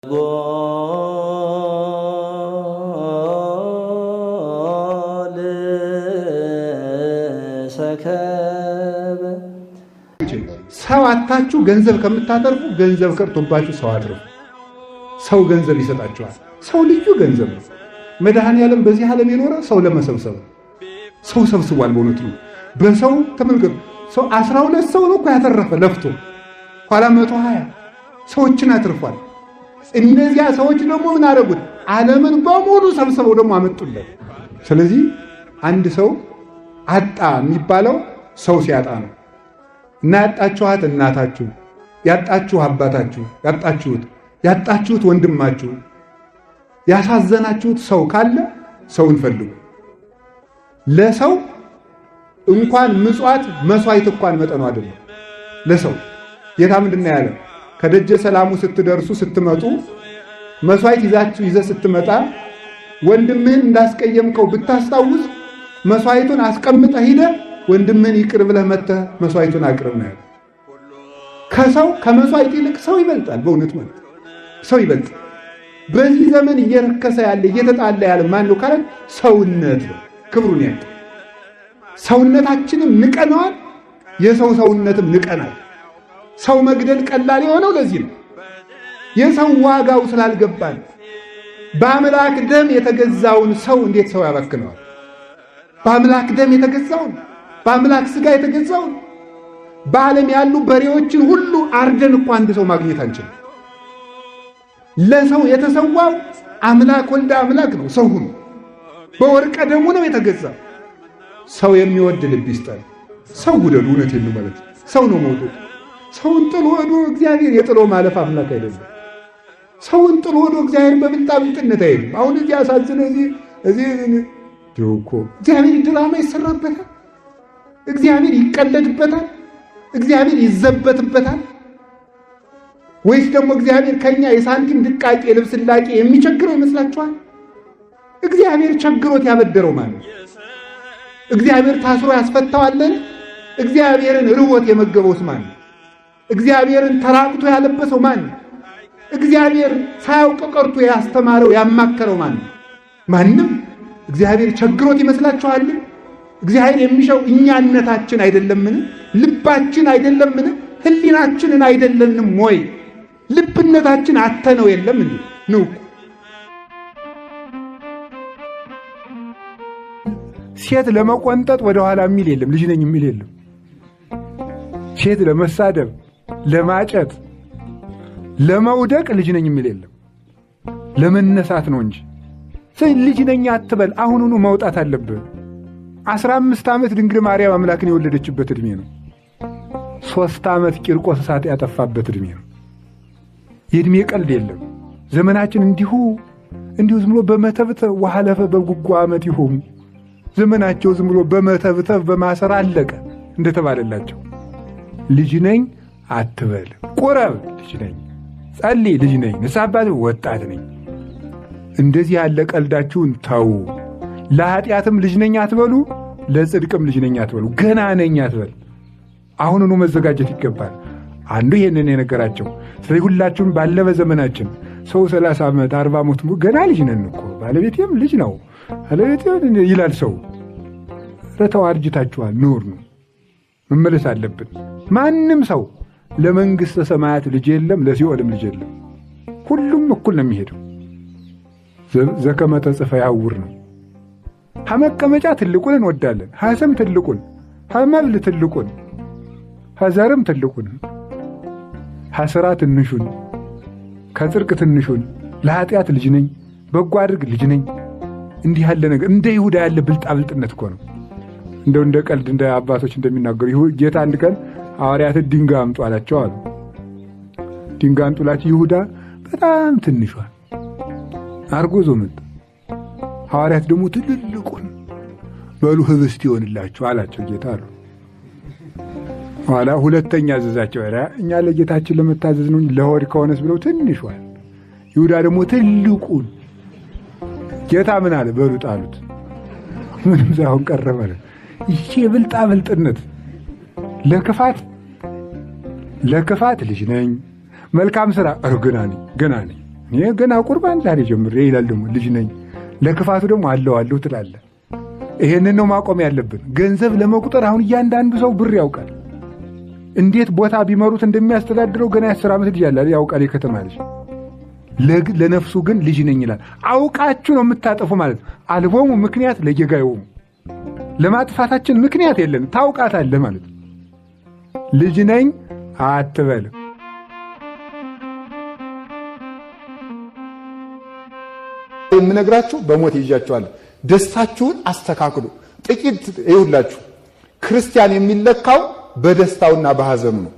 ሰው አታችሁ ገንዘብ ከምታተርፉ ገንዘብ ቀርቶባችሁ ሰው አትርፉ። ሰው ገንዘብ ይሰጣችኋል። ሰው ልዩ ገንዘብ ነው። መድኃኔዓለም በዚህ ዓለም የኖረ ሰው ለመሰብሰብ ሰው ሰብስቧል። በእውነት ነው። በሰው ተመልከቱ። ሰው አስራ ሁለት ሰው ነው እኮ ያተረፈ ለፍቶ ኋላ መቶ ሀያ ሰዎችን አትርፏል። እነዚያ ሰዎች ደግሞ ምን አደረጉት? ዓለምን በሙሉ ሰብስበው ደግሞ አመጡለት። ስለዚህ አንድ ሰው አጣ የሚባለው ሰው ሲያጣ ነው። እና ያጣችኋት እናታችሁ፣ ያጣችሁ አባታችሁ፣ ያጣችሁት ያጣችሁት ወንድማችሁ፣ ያሳዘናችሁት ሰው ካለ ሰውን ፈልጉ። ለሰው እንኳን ምጽዋት መስዋዕት እንኳን መጠኑ አይደለም። ለሰው ጌታ ምንድን ነው ያለው? ከደጀ ሰላሙ ስትደርሱ ስትመጡ መስዋዕት ይዛችሁ ይዘ ስትመጣ ወንድምህን እንዳስቀየምከው ብታስታውስ መስዋዕቱን አስቀምጠ ሂደ ወንድምህን ይቅር ብለህ መተ መስዋዕቱን አቅርብ ነው ከሰው ከመስዋዕት ይልቅ ሰው ይበልጣል። በእውነት ማለት ሰው ይበልጣል። በዚህ ዘመን እየረከሰ ያለ እየተጣለ ያለ ማን ነው ካለን ሰውነት ክብሩን ያ ሰውነታችንም ንቀነዋል። የሰው ሰውነትም ንቀናል። ሰው መግደል ቀላል የሆነው ለዚህ ነው። የሰው ዋጋው ስላልገባን በአምላክ ደም የተገዛውን ሰው እንዴት ሰው ያባክነዋል? በአምላክ ደም የተገዛውን በአምላክ ሥጋ የተገዛውን በዓለም ያሉ በሬዎችን ሁሉ አርደን እኮ አንድ ሰው ማግኘት አንችልም። ለሰው የተሰዋው አምላክ ወልደ አምላክ ነው። ሰው ሁኑ በወርቀ ደሙ ነው የተገዛ። ሰው የሚወድ ልብ ይስጠን። ሰው ውደዱ። እውነቴን ነው ማለት ሰው ነው መውደድ። ሰውን ጥሎ ወዶ እግዚአብሔር የጥሎ ማለፍ አምላክ አይደለም። ሰውን ጥሎ ወዶ እግዚአብሔር በብልጣብልጥነት አይሄድም። አሁን እዚህ አሳዝነ እዚህ እዚህ እኮ እግዚአብሔር ድራማ ይሰራበታል። እግዚአብሔር ይቀለድበታል። እግዚአብሔር ይዘበትበታል። ወይስ ደግሞ እግዚአብሔር ከኛ የሳንቲም ድቃቄ የልብስ ላቂ የሚቸግረው ይመስላችኋል? እግዚአብሔር ቸግሮት ያበደረው ማለት እግዚአብሔር ታስሮ ያስፈታዋለን? እግዚአብሔርን ርቦት የመገበውስ ማለት እግዚአብሔርን ተራቅቶ ያለበሰው ማን ነው? እግዚአብሔር ሳያውቅ ቀርቶ ያስተማረው ያማከረው ማን ነው? ማንም። እግዚአብሔር ቸግሮት ይመስላችኋል? እግዚአብሔር የሚሻው እኛነታችን አይደለምን? ልባችን አይደለምን? ህሊናችንን አይደለንም ወይ? ልብነታችን አተነው የለም እንዴ? ሴት ለመቆንጠጥ ወደኋላ የሚል የለም። ልጅ ነኝ የሚል የለም። ሴት ለመሳደብ ለማጨት ለመውደቅ ልጅ ነኝ የሚል የለም። ለመነሳት ነው እንጂ ልጅ ነኝ አትበል። አሁኑኑ መውጣት አለብህ። አስራ አምስት ዓመት ድንግል ማርያም አምላክን የወለደችበት ዕድሜ ነው። ሦስት ዓመት ቂርቆስ እሳት ያጠፋበት ዕድሜ ነው። የዕድሜ ቀልድ የለም። ዘመናችን እንዲሁ እንዲሁ ዝም ብሎ በመተብተብ ዋሃለፈ በጉጉ ዓመት ዘመናቸው ዝም ብሎ በመተብተብ በማሰር አለቀ እንደተባለላቸው ልጅ ነኝ አትበል። ቁረብ፣ ልጅ ነኝ። ጸልይ፣ ልጅ ነኝ። ንስሐ አባት፣ ወጣት ነኝ። እንደዚህ ያለ ቀልዳችሁን ተዉ። ለኃጢአትም ልጅ ነኝ አትበሉ፣ ለጽድቅም ልጅ ነኝ አትበሉ። ገና ነኝ አትበል። አሁኑኑ መዘጋጀት ይገባል። አንዱ ይህንን የነገራቸው። ስለዚህ ሁላችሁም ባለበ ዘመናችን ሰው ሰላሳ ዓመት አርባ ሞት ገና ልጅ ነን እኮ ባለቤቴም ልጅ ነው ባለቤቴ ይላል ሰው ረተው አርጅታችኋል። ኑር ነው መመለስ አለብን ማንም ሰው ለመንግሥተ ሰማያት ልጅ የለም፣ ለሲኦልም ልጅ የለም። ሁሉም እኩል ነው የሚሄደው። ጽፈ ያውር ነው። ሀመቀመጫ ትልቁን እንወዳለን፣ ሀሰም ትልቁን፣ ሀመብል ትልቁን፣ ሀዘርም ትልቁን፣ ሀስራ ትንሹን፣ ከጽርቅ ትንሹን፣ ለኃጢአት ልጅ ነኝ፣ በጎ አድርግ ልጅ ነኝ። እንዲህ ያለ ነገር እንደ ይሁዳ ያለ ብልጣብልጥነት እኮ ነው። እንደው እንደ ቀልድ እንደ አባቶች እንደሚናገሩ ጌታ አንድ ቀን ሐዋርያት ድንጋይ አምጡ አላቸው አሉ። ድንጋይ አምጡላት። ይሁዳ በጣም ትንሿን አርጎ ዞ መጣ። ሐዋርያት ደግሞ ትልልቁን በሉ ህብስት ይሆንላችሁ አላቸው ጌታ አሉ። ኋላ ሁለተኛ አዘዛቸው። ራ እኛ ለጌታችን ለመታዘዝ ነው፣ ለሆድ ከሆነስ ብለው ትንሿል። ይሁዳ ደግሞ ትልቁን ጌታ ምን አለ? በሉ ጣሉት። ምንም ሳይሆን ቀረበለ። ይሄ ብልጣ ብልጥነት ለክፋት ለክፋት ልጅ ነኝ፣ መልካም ስራ እርግና ነኝ ገና ነኝ እኔ ገና ቁርባን ዛሬ ጀምሬ ይላል። ደግሞ ልጅ ነኝ ለክፋቱ ደግሞ አለው አለው ትላለ። ይሄንን ነው ማቆም ያለብን። ገንዘብ ለመቁጠር አሁን እያንዳንዱ ሰው ብር ያውቃል። እንዴት ቦታ ቢመሩት እንደሚያስተዳድረው ገና የአስር ዓመት ልጅ ያላል ያውቃል የከተማ ልጅ። ለነፍሱ ግን ልጅ ነኝ ይላል። አውቃችሁ ነው የምታጠፉ ማለት ነው። አልቦሙ ምክንያት ለጌጋዮሙ ለማጥፋታችን ምክንያት የለን ታውቃታለህ ማለት ልጅ ነኝ አትበል። የምነግራችሁ በሞት ይዣችኋለሁ። ደስታችሁን አስተካክሉ። ጥቂት ይሁላችሁ። ክርስቲያን የሚለካው በደስታውና በሐዘኑ ነው።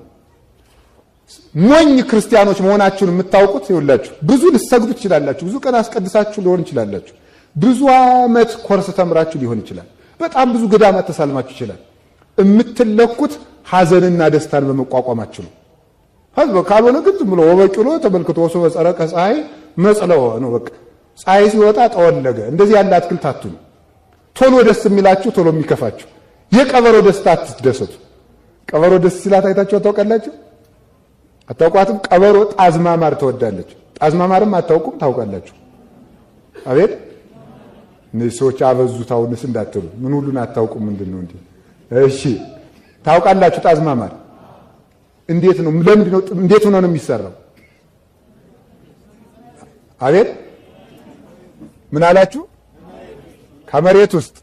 ሞኝ ክርስቲያኖች መሆናችሁን የምታውቁት ይሁላችሁ። ብዙ ልትሰግዱ ትችላላችሁ። ብዙ ቀን አስቀድሳችሁ ሊሆን ይችላላችሁ። ብዙ ዓመት ኮርስ ተምራችሁ ሊሆን ይችላል። በጣም ብዙ ገዳማት ተሳልማችሁ ይችላል። የምትለኩት ሀዘንና ደስታን በመቋቋማችሁ ነው። ካልሆነ ግን ዝም ብሎ ወበቂሎ ተመልክቶ ወሶበ ጸረቀ ፀሐይ መጽለወ ነው። በቃ ፀሐይ ሲወጣ ጠወለገ። እንደዚህ ያለ አትክልት አትኑ። ቶሎ ደስ የሚላችሁ ቶሎ የሚከፋችሁ የቀበሮ ደስታ አትደሰቱ። ቀበሮ ደስ ሲላት አይታችሁ አታውቃላችሁ? አታውቋትም? ቀበሮ ጣዝማማር ትወዳለች። ጣዝማማርም አታውቁም? ታውቃላችሁ? አቤት እነዚህ ሰዎች አበዙት አሁንስ እንዳትሉ። ምን ሁሉን አታውቁም ምንድን ነው እንዲ እሺ ታውቃላችሁ። ማር እንዴት ነው? ለምንድን ነው? እንዴት ሆኖ ነው የሚሰራው? አቤት ምን አላችሁ? ከመሬት ውስጥ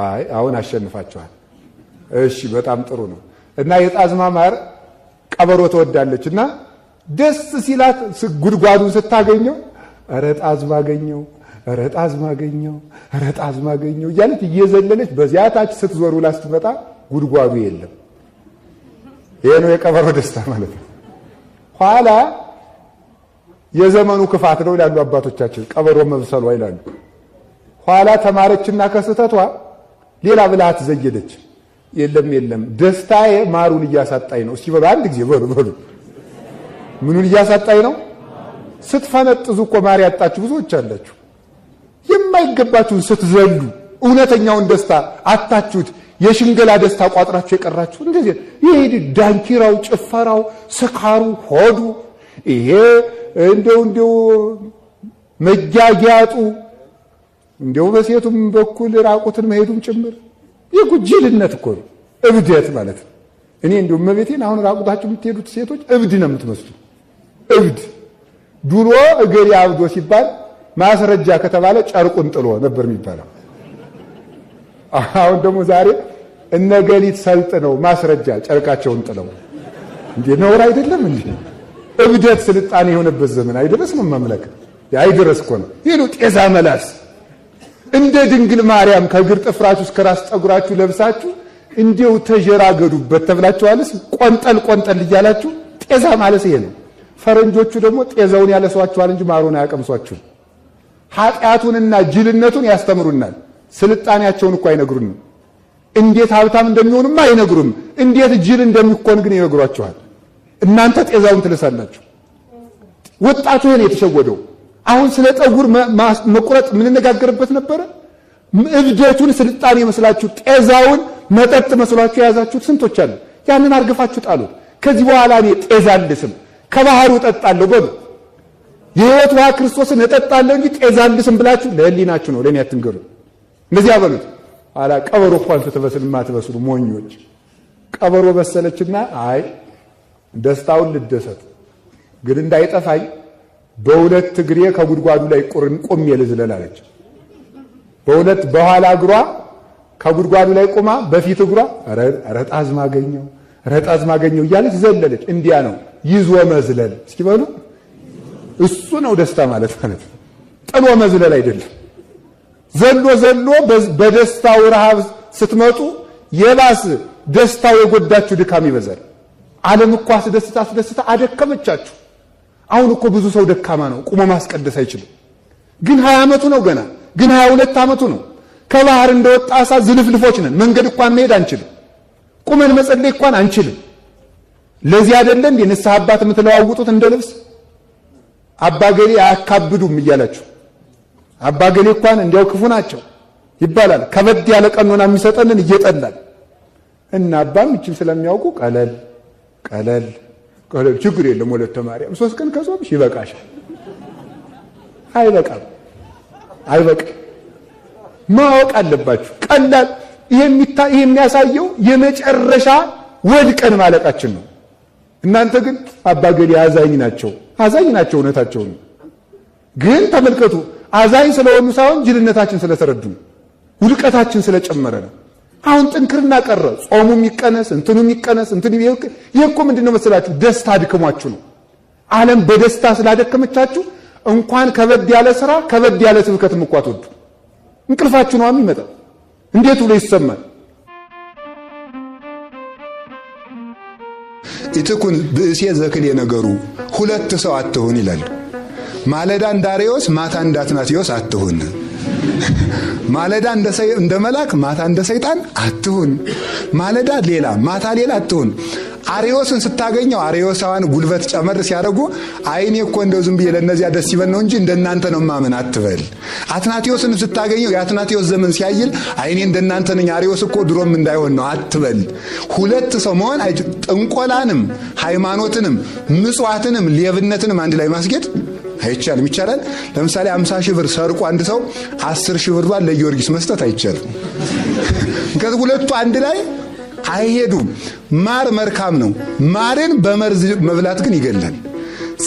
አይ፣ አሁን አሸንፋችኋል። እሺ፣ በጣም ጥሩ ነው። እና ማር ቀበሮ ትወዳለች እና ደስ ሲላት ጉድጓዱን ስታገኘው ኧረ ጣዝማ አገኘው ኧረ ጣዝማ አገኘው ኧረ ጣዝማ አገኘው እያለች እየዘለለች በዚያ ታች ስትዞር ውላ ስትመጣ ጉድጓዱ የለም። ይሄ ነው የቀበሮ ደስታ ማለት ነው። ኋላ የዘመኑ ክፋት ነው ይላሉ አባቶቻችን፣ ቀበሮ መብሰሏ ይላሉ። ኋላ ተማረችና ከስህተቷ ሌላ ብልሃት ዘየደች። የለም የለም ደስታዬ ማሩን እያሳጣኝ ነው። እስኪ በሉ አንድ ጊዜ በሉ በሉ፣ ምኑን እያሳጣኝ ነው? ስትፈነጥዙ እኮ ማር ያጣችሁ ብዙዎች አላችሁ። የማይገባችሁን ስትዘሉ እውነተኛውን ደስታ አታችሁት የሽንገላ ደስታ ቋጥራችሁ የቀራችሁ እንደዚህ ይሄ ዳንኪራው፣ ጭፈራው፣ ስካሩ፣ ሆዱ ይሄ እንደው እንደው መጃጊያጡ እንደው በሴቱም በኩል ራቁትን መሄዱም ጭምር የጉጅልነት እኮ ነው፣ እብደት ማለት ነው። እኔ እንደው እመቤቴን አሁን ራቁታችሁ የምትሄዱት ሴቶች እብድ ነው የምትመስሉ እብድ። ድሮ እገሌ አብዶ ሲባል ማስረጃ ከተባለ ጨርቁን ጥሎ ነበር የሚባለው። አሁን ደግሞ ዛሬ እነገሊት ነው ማስረጃ ጨርቃቸውን ጥለው እንዴ ነውር አይደለም እንዴ? እብደት ስልጣኔ የሆነበት ዘመን አይደረስ ነው መምለክ አይደረስ እኮ ነው። ይሄ ነው ጤዛ መላስ። እንደ ድንግል ማርያም ከእግር ጥፍራችሁ እስከ ራስ ጠጉራችሁ ለብሳችሁ እንዲው ተጀራገዱበት ተብላችኋልስ። ቆንጠል ቆንጠል እያላችሁ ጤዛ ማለት ይሄ ነው። ፈረንጆቹ ደግሞ ጤዛውን ያለሷችኋል እንጂ ማሮን አያቀምሷችሁም። ኃጢአቱንና ጅልነቱን ያስተምሩናል። ስልጣኔያቸውን እኮ አይነግሩንም። እንዴት ሀብታም እንደሚሆንማ አይነግሩም። እንዴት ጅል እንደሚኮን ግን ይነግሯችኋል። እናንተ ጤዛውን ትልሳላችሁ። ወጣቱ ይሄን የተሸወደው አሁን ስለ ጠጉር መቁረጥ የምንነጋገርበት ነበረ። እብደቱን ስልጣን የመስላችሁ ጤዛውን መጠጥ መስሏችሁ የያዛችሁት ስንቶች አሉ። ያንን አርግፋችሁ ጣሉት። ከዚህ በኋላ እኔ ጤዛ አልልስም፣ ከባህሩ እጠጣለሁ በሉ። የህይወት ውሃ ክርስቶስን እጠጣለሁ እንጂ ጤዛ አልልስም ብላችሁ ለህሊናችሁ ነው፣ ለእኔ አትንገሩ። እንደዚያ በሉት። ኋላ ቀበሮ እንኳን ስትበስል የማትበስሉ ሞኞች፣ ቀበሮ በሰለችና አይ ደስታውን ልደሰት ግን እንዳይጠፋኝ በሁለት እግሬ ከጉድጓዱ ላይ ቆሜ ልዝለል አለች። በሁለት በኋላ እግሯ ከጉድጓዱ ላይ ቆማ በፊት እግሯ ረጣዝ ማገኘው ረጣዝ ማገኘው እያለች ዘለለች። እንዲያ ነው ይዞ መዝለል። እስኪ በሉ እሱ ነው ደስታ ማለት ማለት ጥሎ መዝለል አይደለም። ዘሎ ዘሎ በደስታው ረሃብ ስትመጡ የባስ ደስታው የጎዳችሁ ድካም ይበዛል። ዓለም እኮ አስደስታ አስደስታ አደከመቻችሁ። አሁን እኮ ብዙ ሰው ደካማ ነው፣ ቁሞ ማስቀደስ አይችልም። ግን ሀያ ዓመቱ ነው ገና፣ ግን ሀያ ሁለት ዓመቱ ነው። ከባህር እንደወጣ አሳ ዝልፍልፎች ነን። መንገድ እንኳን መሄድ አንችልም። ቁመን መጸለይ እንኳን አንችልም። ለዚህ አይደለ እንዴ ንስሐ አባት የምትለዋውጡት እንደ ልብስ አባገሌ አያካብዱም እያላችሁ አባገሌ እንኳን እንዲያው ክፉ ናቸው ይባላል። ከበድ ያለ ቀኖና የሚሰጠንን እየጠላል እና አባም እችም ስለሚያውቁ ቀለል ቀለል ቀለል ችግር የለም ወለተ ማርያም ሶስት ቀን ከጾምሽ ይበቃሻል። አይበቃም አይበቃም። ማወቅ አለባችሁ ቀላል። ይሄ የሚያሳየው የመጨረሻ ወድቀን ማለቃችን ነው። እናንተ ግን አባገሌ አዛኝ ናቸው፣ አዛኝ ናቸው፣ እውነታቸው ግን ተመልከቱ አዛኝ ስለሆኑ ሳይሆን ጅልነታችን ስለተረዱ ውድቀታችን ስለጨመረ ነው። አሁን ጥንክርና ቀረ። ጾሙም ይቀነስ፣ እንትኑም ይቀነስ፣ እንትኑ ይወቅ። እኮ ምንድን ነው መሰላችሁ? ደስታ አድክሟችሁ ነው። ዓለም በደስታ ስላደከመቻችሁ እንኳን ከበድ ያለ ስራ ከበድ ያለ ስብከት እኮ ወዱ እንቅልፋችሁ ነው የሚመጣ። እንዴት ብሎ ይሰማል? ኢትኩን ብእሴ ዘክል የነገሩ ሁለት ሰው አትሁን ይላል። ማለዳ እንዳሪዎስ ማታ እንዳትናትዮስ አትሁን። ማለዳ እንደ መልአክ ማታ እንደ ሰይጣን አትሁን። ማለዳ ሌላ ማታ ሌላ አትሁን። አሪዎስን ስታገኘው አሪዎሳውያን ጉልበት ጨመር ሲያደርጉ አይኔ እኮ እንደው ዝም ብዬ ለእነዚያ ደስ ይበል ነው እንጂ እንደናንተ ነው ማምን አትበል። አትናቴዎስን ስታገኘው የአትናቴዎስ ዘመን ሲያይል አይኔ እንደናንተ ነኝ፣ አሬዎስ እኮ ድሮም እንዳይሆን ነው አትበል። ሁለት ሰው መሆን ጥንቆላንም፣ ሃይማኖትንም፣ ምጽዋትንም፣ ሌብነትንም አንድ ላይ ማስጌጥ አይቻልም። ይቻላል። ለምሳሌ አምሳ ሺህ ብር ሰርቆ አንድ ሰው አስር ሺህ ብር ባል ለጊዮርጊስ መስጠት አይቻልም። ከዚህ ሁለቱ አንድ ላይ አይሄዱም። ማር መልካም ነው። ማርን በመርዝ መብላት ግን ይገላል።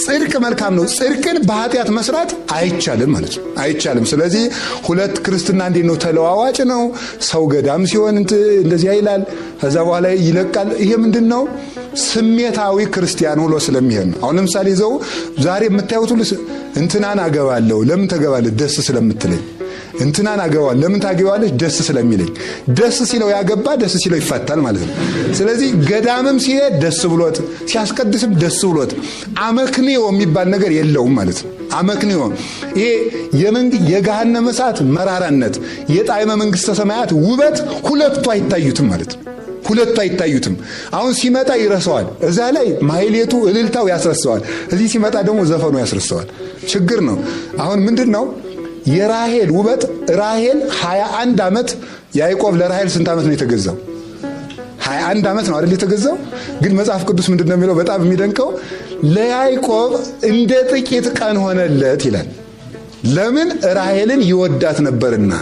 ጽድቅ መልካም ነው። ጽድቅን በኃጢአት መስራት አይቻልም ማለት ነው፣ አይቻልም። ስለዚህ ሁለት ክርስትና እንዴት ነው? ተለዋዋጭ ነው። ሰው ገዳም ሲሆን እንደዚያ ይላል፣ ከዛ በኋላ ይለቃል። ይሄ ምንድን ነው? ስሜታዊ ክርስቲያን ውሎ ስለሚሄድ ነው። አሁን ለምሳሌ ይዘው ዛሬ የምታዩት ሁሉ እንትናን አገባለሁ። ለምን ተገባለህ? ደስ ስለምትለኝ። እንትናን አገባለሁ ለምን ታገባለች? ደስ ስለሚለኝ። ደስ ሲለው ያገባ፣ ደስ ሲለው ይፈታል ማለት ነው። ስለዚህ ገዳምም ሲሄድ ደስ ብሎት፣ ሲያስቀድስም ደስ ብሎት፣ አመክንዮ የሚባል ነገር የለውም ማለት ነው። አመክንዮ ይሄ የገሃነመ እሳት መራራነት፣ የጣዕመ መንግሥተ ሰማያት ውበት ሁለቱ አይታዩትም ማለት ነው። ሁለቱ አይታዩትም። አሁን ሲመጣ ይረሰዋል። እዛ ላይ ማይሌቱ እልልታው ያስረሰዋል። እዚህ ሲመጣ ደግሞ ዘፈኑ ያስረሰዋል። ችግር ነው። አሁን ምንድን ነው የራሄል ውበት? ራሄል 21 ዓመት ያዕቆብ ለራሄል ስንት ዓመት ነው የተገዛው? 21 ዓመት ነው አይደል የተገዛው? ግን መጽሐፍ ቅዱስ ምንድን ነው የሚለው? በጣም የሚደንቀው ለያዕቆብ እንደ ጥቂት ቀን ሆነለት ይላል። ለምን? ራሄልን ይወዳት ነበርና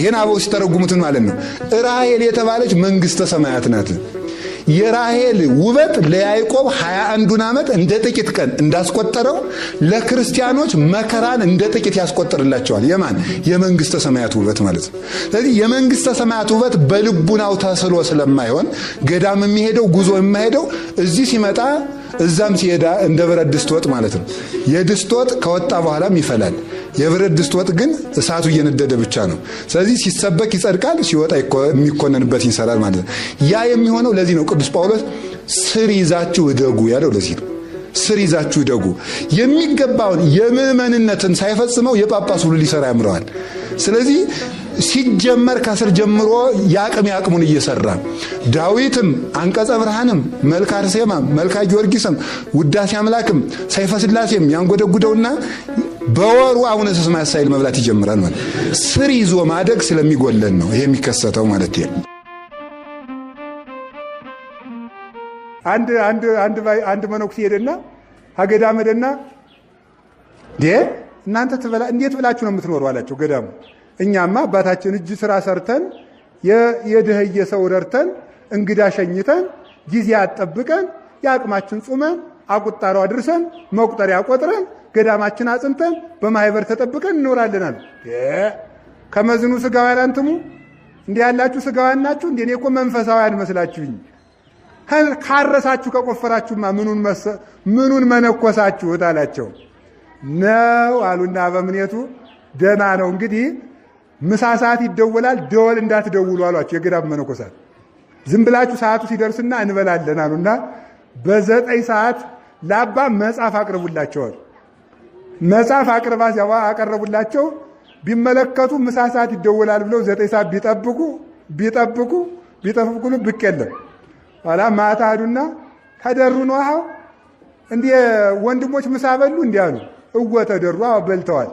ይህን አበው ሲተረጉሙትን ማለት ነው። ራሄል የተባለች መንግሥተ ሰማያት ናት። የራሄል ውበት ለያዕቆብ ሀያ አንዱን ዓመት እንደ ጥቂት ቀን እንዳስቆጠረው ለክርስቲያኖች መከራን እንደ ጥቂት ያስቆጥርላቸዋል። የማን የመንግሥተ ሰማያት ውበት ማለት ነው። ስለዚህ የመንግሥተ ሰማያት ውበት በልቡናው ተስሎ ስለማይሆን ገዳም የሚሄደው ጉዞ የማሄደው እዚህ ሲመጣ እዛም ሲሄዳ እንደ ብረት ድስት ወጥ ማለት ነው። የድስት ወጥ ከወጣ በኋላም ይፈላል። የብረት ድስት ወጥ ግን እሳቱ እየነደደ ብቻ ነው። ስለዚህ ሲሰበክ ይጸድቃል፣ ሲወጣ የሚኮነንበት ይንሰራል ማለት ነው። ያ የሚሆነው ለዚህ ነው ቅዱስ ጳውሎስ ስር ይዛችሁ እደጉ ያለው ለዚህ ነው። ስር ይዛችሁ ደጉ የሚገባውን የምዕመንነትን ሳይፈጽመው የጳጳስ ሁሉ ሊሰራ ያምረዋል። ስለዚህ ሲጀመር ከስር ጀምሮ የአቅም ያቅሙን እየሰራ ዳዊትም አንቀጸ ብርሃንም መልክ አርሴማም መልካ ጊዮርጊስም ውዳሴ አምላክም ሰይፈ ስላሴም ያንጎደጉደውና በወሩ አቡነ ስማ ያሳይል መብላት ይጀምራል ማለት ስር ይዞ ማደግ ስለሚጎለን ነው ይሄ የሚከሰተው ማለት አንድ አንድ አንድ አንድ መነኩሴ ሄደና ሀገዳም መደና እናንተ ትበላ እንዴት ብላችሁ ነው የምትኖሩ አላቸው ገዳሙ እኛማ አባታችን እጅ ስራ ሰርተን የደህየ ሰው ረድተን እንግዳ ሸኝተን ጊዜ አጠብቀን የአቅማችን ጹመን አቁጣሮ አድርሰን መቁጠሪያ ቆጥረን ገዳማችን አጽንተን በማህበር ተጠብቀን አሉ። ከመዝኑ ስጋውያን አንትሙ እንዲህ ያላችሁ ስጋውያን ናችሁ። እንደ እኔ እኮ መንፈሳውያን መስላችሁኝ። ካረሳችሁ ከቆፈራችሁማ ምኑን መነኮሳችሁት አላቸው ነው አሉና በምኔቱ ደና ነው እንግዲህ ምሳ ሰዓት ይደወላል። ደወል እንዳትደውሉ አሏቸው የገዳም መነኮሳት። ዝም ብላችሁ ሰዓቱ ሲደርስና እንበላለን አሉና በዘጠኝ ሰዓት ለአባ መጽሐፍ አቅርቡላቸዋል። መጽሐፍ አቅርባ አቀረቡላቸው። ቢመለከቱ ምሳ ሰዓት ይደወላል ብለው ዘጠኝ ሰዓት ቢጠብቁ ቢጠብቁ ቢጠብቁሉ ብቅ የለም። ኋላ ማታ ተደሩ ነው አሁ እንዲህ ወንድሞች ምሳ በሉ እንዲህ አሉ። እወ ተደሩ በልተዋል።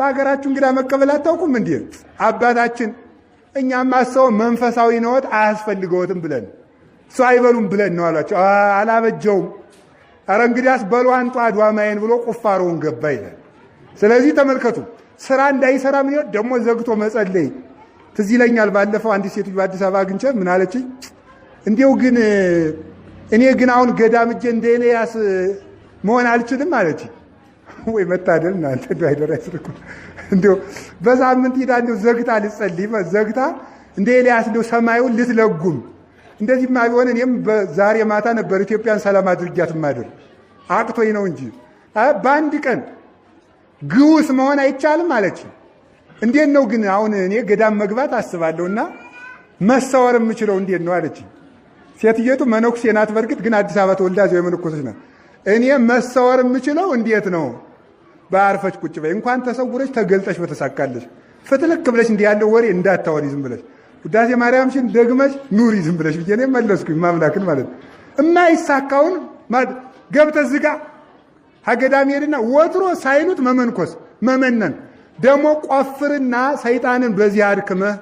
በሀገራችሁ እንግዳ መቀበል አታውቁም? እንዲ አባታችን እኛማ ሰው መንፈሳዊ ነዎት አያስፈልገዎትም ብለን ሰው አይበሉም ብለን ነው አሏቸው። አላበጀውም። ኧረ እንግዲያስ በሉ አንጧ አድዋማዬን ብሎ ቁፋሮውን ገባ ይላል። ስለዚህ ተመልከቱ፣ ስራ እንዳይሰራ ምን ይሆን ደግሞ ዘግቶ መጸለይ። ትዝ ይለኛል ባለፈው አንዲት ሴት በአዲስ አበባ አግኝቼ ምን አለችኝ? እንዲው ግን እኔ ግን አሁን ገዳም እጄ እንደ ኤልያስ መሆን አልችልም አለችኝ። ወይ መታደል እናንተ እንዲ አይደር አይስርኩ እንዲሁ በሳምንት ሂዳ እንዲሁ ዘግታ ልጸልይ ዘግታ እንደ ኤልያስ እንዲሁ ሰማዩን ልትለጉም እንደዚህማ ቢሆን እኔም በዛሬ ማታ ነበር ኢትዮጵያን ሰላም አድርጊያት ማድር አቅቶኝ ነው እንጂ በአንድ ቀን ግውስ መሆን አይቻልም አለች። እንዴት ነው ግን አሁን እኔ ገዳም መግባት አስባለሁና እና መሰወር የምችለው እንዴት ነው አለች። ሴትየቱ መነኩሴ ናት። በርግጥ ግን አዲስ አበባ ተወልዳ እዚያው የመነኮሰች ናት። እኔ መሰወር የምችለው እንዴት ነው በአርፈች ቁጭ በይ እንኳን ተሰውረች ተገልጠች በተሳካለች ፍትልክ ብለሽ እንዲህ ያለው ወሬ እንዳታወሪ ዝም ብለሽ ውዳሴ ማርያምሽን ደግመሽ ኑሪ ዝም ብለሽ ብዬ እኔም መለስኩኝ። ማምላክን ማለት እማይሳካውን ገብተ ዝጋ ሀገዳም ሄድና ወትሮ ሳይሉት መመንኮስ መመነን ደግሞ ቆፍርና ሰይጣንን በዚህ አድክመህ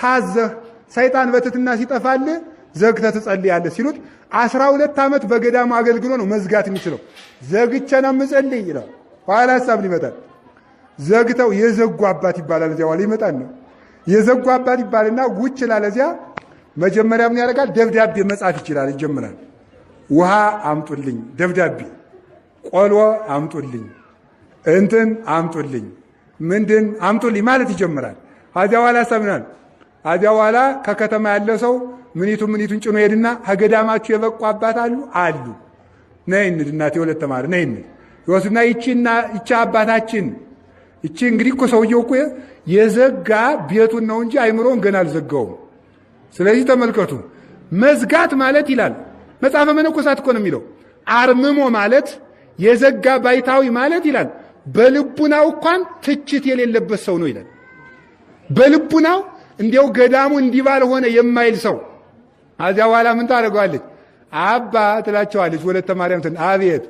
ታዘህ ሰይጣን በትትና ሲጠፋል ዘግተህ ትጸልያለህ ሲሉት አስራ ሁለት ዓመት በገዳሙ አገልግሎ ነው መዝጋት የሚችለው። ዘግቼ ነው የምጸልይ ይላል። ኋላ ሀሳብ ሊመጣል። ዘግተው የዘጉ አባት ይባላል። እዚያ ኋላ ይመጣል ነው የዘጉ አባት ይባልና ጉች ላለ እዚያ መጀመሪያ ምን ያደርጋል? ደብዳቤ መጻፍ ይችላል። ይጀምራል። ውሃ አምጡልኝ፣ ደብዳቤ፣ ቆሎ አምጡልኝ፣ እንትን አምጡልኝ፣ ምንድን አምጡልኝ ማለት ይጀምራል። አዚያ ኋላ ሰምናል። አዚያ ኋላ ከከተማ ያለ ሰው ምኒቱ ምኒቱን ጭኖ ሄድና ከገዳማችሁ የበቁ አባት አሉ አሉ ነይ እንሂድ እናቴ ሁለት ተማር ነይ እንሂድ ይወስና ይቺና ይቺ አባታችን ይቺ እንግዲህ እኮ ሰውየው እኮ የዘጋ ቤቱን ነው እንጂ አይምሮን ገና አልዘጋውም። ስለዚህ ተመልከቱ፣ መዝጋት ማለት ይላል መጽሐፈ መነኮሳት እኮ ነው የሚለው። አርምሞ ማለት የዘጋ ባይታዊ ማለት ይላል። በልቡናው እንኳን ትችት የሌለበት ሰው ነው ይላል። በልቡናው እንዲያው ገዳሙ እንዲባል ሆነ የማይል ሰው አዚያ በኋላ ምን ታደርገዋለች? አባ ትላቸዋለች። ወለተ ማርያም አቤት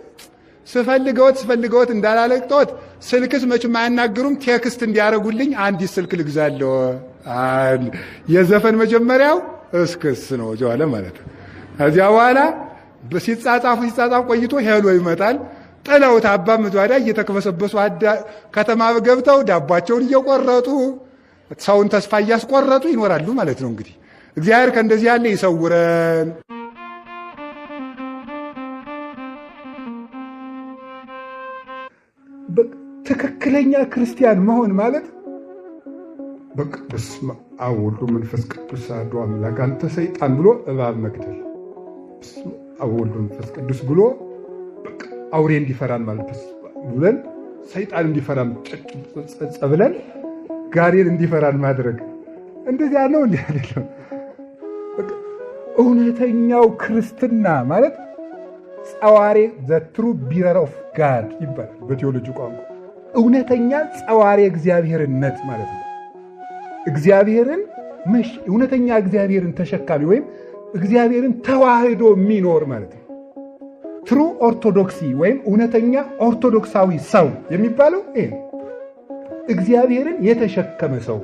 ስፈልገውት ስፈልገውት እንዳላለቅጦት ስልክስ መቼም አያናግሩም። ቴክስት እንዲያደርጉልኝ አንዲት ስልክ ልግዛለሁ። የዘፈን መጀመሪያው እስክስ ነው ጀዋለ ማለት ከዚያ በኋላ ሲጻጻፉ ሲጻጻፉ ቆይቶ ሄሎ ይመጣል። ጥለውት አባ ምድዋዳ እየተከበሰበሱ ከተማ ገብተው ዳቧቸውን እየቆረጡ ሰውን ተስፋ እያስቆረጡ ይኖራሉ ማለት ነው። እንግዲህ እግዚአብሔር ከእንደዚህ ያለ ይሰውረን። ትክክለኛ ክርስቲያን መሆን ማለት በቅዱስ አብ ወወልድ መንፈስ ቅዱስ አሐዱ አምላክ አንተ ሰይጣን ብሎ እባብ መግደል፣ አብ ወወልድ መንፈስ ቅዱስ ብሎ አውሬ እንዲፈራን ማለት ብለን ሰይጣን እንዲፈራን ጨጨ ብለን ጋሬን እንዲፈራን ማድረግ እንደዚያ ነው። እንዲህ አይደለም። እውነተኛው ክርስትና ማለት ጸዋሬ ዘትሩ ቢረር ኦፍ ጋድ ይባላል በቴዎሎጂ ቋንቋ። እውነተኛ ጸዋሪ እግዚአብሔርነት ማለት ነው። እግዚአብሔርን እውነተኛ እግዚአብሔርን ተሸካሚ ወይም እግዚአብሔርን ተዋህዶ የሚኖር ማለት ነው። ትሩ ኦርቶዶክሲ ወይም እውነተኛ ኦርቶዶክሳዊ ሰው የሚባለው ይሄ እግዚአብሔርን የተሸከመ ሰው፣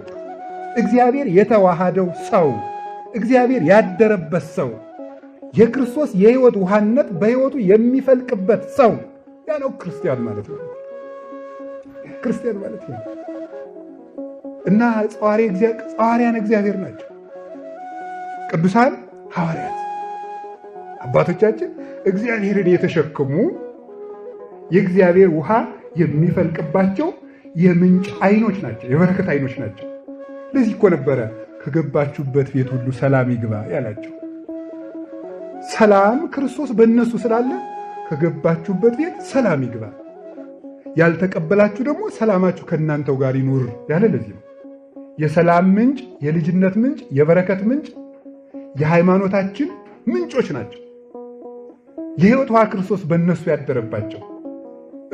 እግዚአብሔር የተዋሃደው ሰው፣ እግዚአብሔር ያደረበት ሰው፣ የክርስቶስ የህይወት ውሃነት በህይወቱ የሚፈልቅበት ሰው ያ ነው ክርስቲያን ማለት ነው። ክርስቲያን ማለት ነው እና ጸዋርያን እግዚአብሔር ናቸው። ቅዱሳን ሐዋርያት አባቶቻችን እግዚአብሔርን የተሸከሙ የእግዚአብሔር ውሃ የሚፈልቅባቸው የምንጭ አይኖች ናቸው፣ የበረከት አይኖች ናቸው። ለዚህ እኮ ነበረ ከገባችሁበት ቤት ሁሉ ሰላም ይግባ ያላቸው። ሰላም ክርስቶስ በእነሱ ስላለ ከገባችሁበት ቤት ሰላም ይግባ ያልተቀበላችሁ ደግሞ ሰላማችሁ ከእናንተው ጋር ይኑር ያለ ለዚህ ነው። የሰላም ምንጭ፣ የልጅነት ምንጭ፣ የበረከት ምንጭ፣ የሃይማኖታችን ምንጮች ናቸው። የህይወት ውሃ ክርስቶስ በእነሱ ያደረባቸው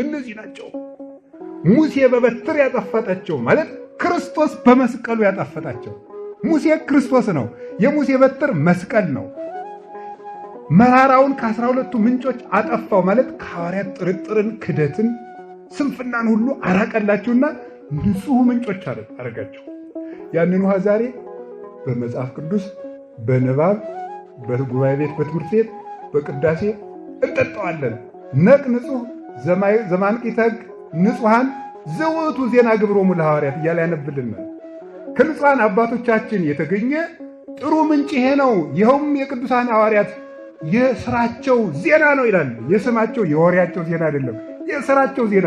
እነዚህ ናቸው። ሙሴ በበትር ያጠፈጣቸው ማለት ክርስቶስ በመስቀሉ ያጠፈጣቸው። ሙሴ ክርስቶስ ነው። የሙሴ በትር መስቀል ነው። መራራውን ከአስራ ሁለቱ ምንጮች አጠፋው ማለት ከሐዋርያት ጥርጥርን፣ ክደትን ስንፍናን ሁሉ አራቀላችሁና ንጹህ ምንጮች አረጋቸው። ያንን ውሃ ዛሬ በመጽሐፍ ቅዱስ፣ በንባብ፣ በጉባኤ ቤት፣ በትምህርት ቤት፣ በቅዳሴ እንጠጣዋለን። ነቅ ንጹህ ዘማንቂት ሕግ ንጹሐን ዘውቱ ዜና ግብሮሙ ለሐዋርያት እያለ ያነብልናል። ከንጹሐን አባቶቻችን የተገኘ ጥሩ ምንጭ ይሄ ነው። ይኸውም የቅዱሳን ሐዋርያት የስራቸው ዜና ነው ይላል። የስማቸው የወሬያቸው ዜና አይደለም፣ የስራቸው ዜና